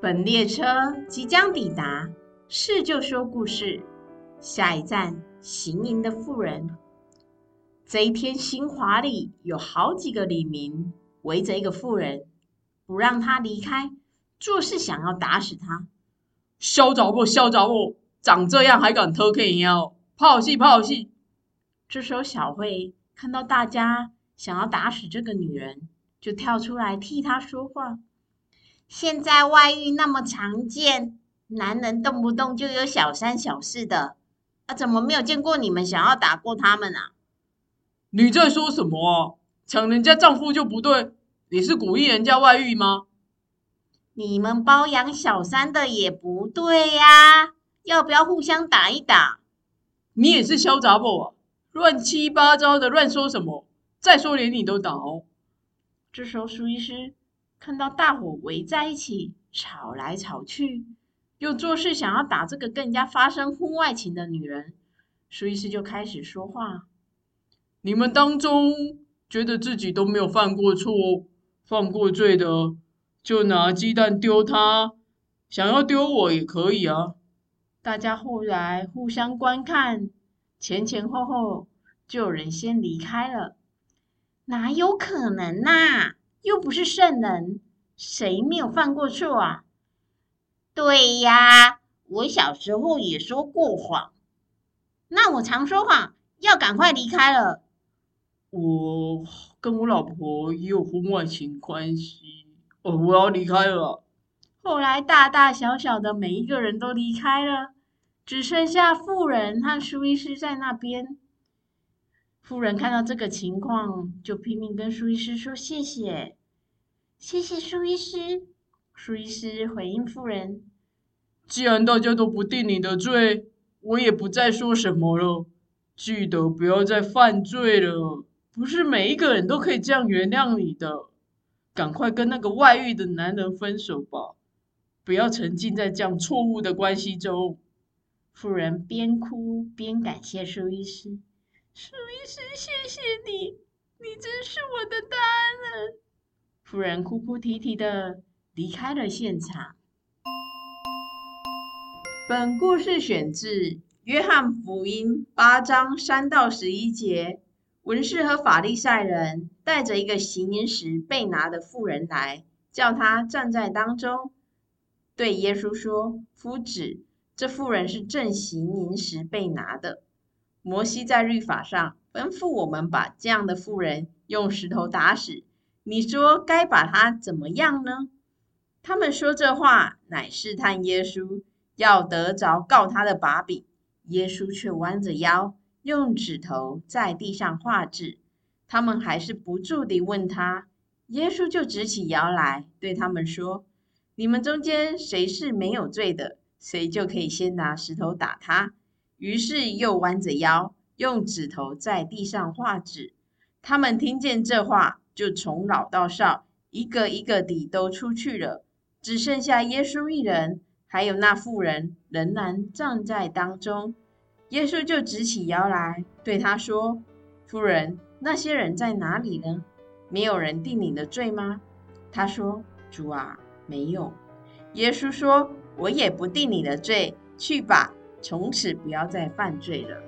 本列車即將抵達，是就說故事。下一站，行淫的婦人。這一天新華，新華裡有好幾個里民圍着一個婦人，不讓她離開，就是想要打死她。囂着不囂着我，長這樣還敢偷看人家？怕死怕死！這時候小，小慧看到大家想要打死這個女人，就跳出來替她說話。現在外遇那麼常見，男人動不動就有小三小四的，啊，怎麼沒有見過你們想要打過他們啊？你在說什麼啊？搶人家丈夫就不對？你是鼓勵人家外遇嗎？你們包養小三的也不對呀，啊，要不要互相打一打？你也是小雜啊，亂七八糟的亂說什麼？再說連你都打哦。這時候蘇醫師。看到大伙圍在一起吵來吵去，又做事想要打這個跟人家發生婚外情的女人，於是就開始說話。你們當中覺得自己都沒有犯過錯、犯過罪的，就拿雞蛋丟他。想要丟我也可以啊。大家後來互相觀看，前前後後就有人先離開了。哪有可能吶、啊？又不是聖人，誰沒有犯過錯啊？對呀，我小時候也說過謊。那我常說謊，要趕快離開了。我跟我老婆也有婚外情關係，我我要離開了。後來大大小小的每一個人都離開了，只剩下婦人和蘇醫師在那邊。婦人看到這個情況，就拼命跟蘇醫師說：“謝謝，謝謝蘇醫師。”蘇醫師回應婦人：“既然大家都不定你的罪，我也不再說什麼了。記得不要再犯罪了，不是每一個人都可以這樣原諒你的。趕快跟那個外遇的男人分手吧，不要沉浸在這樣錯誤的關係中。”婦人邊哭邊感謝蘇醫師。說一聲謝謝你，你真是我的大恩人。婦人哭哭啼啼的離開了現場。本故事選自《約翰福音》八章三到十一節。文士和法利賽人帶着一個行淫時被拿的婦人來，叫她站在當中，對耶穌說：“夫子，這婦人是正行淫時被拿的。”摩西在律法上吩咐我們把這樣的婦人用石頭打死，你說該把她怎麼樣呢？他們說這話，乃試探耶穌，要得着告他的把柄。耶穌卻彎着腰，用指頭在地上畫字。他們還是不住地問他，耶穌就直起腰來，對他們說：“你們中間誰是沒有罪的，誰就可以先拿石頭打她。”於是又彎着腰，用指頭在地上畫字。他們聽見這話，就從老到少，一個一個地都出去了，只剩下耶穌一人，還有那婦人仍然站在當中。耶穌就直起腰來，對他說：“婦人，那些人在哪裡呢？沒有人定你的罪嗎？”他說：“主啊，沒有。”耶穌說：“我也不定你的罪，去吧。”從此不要再犯罪了。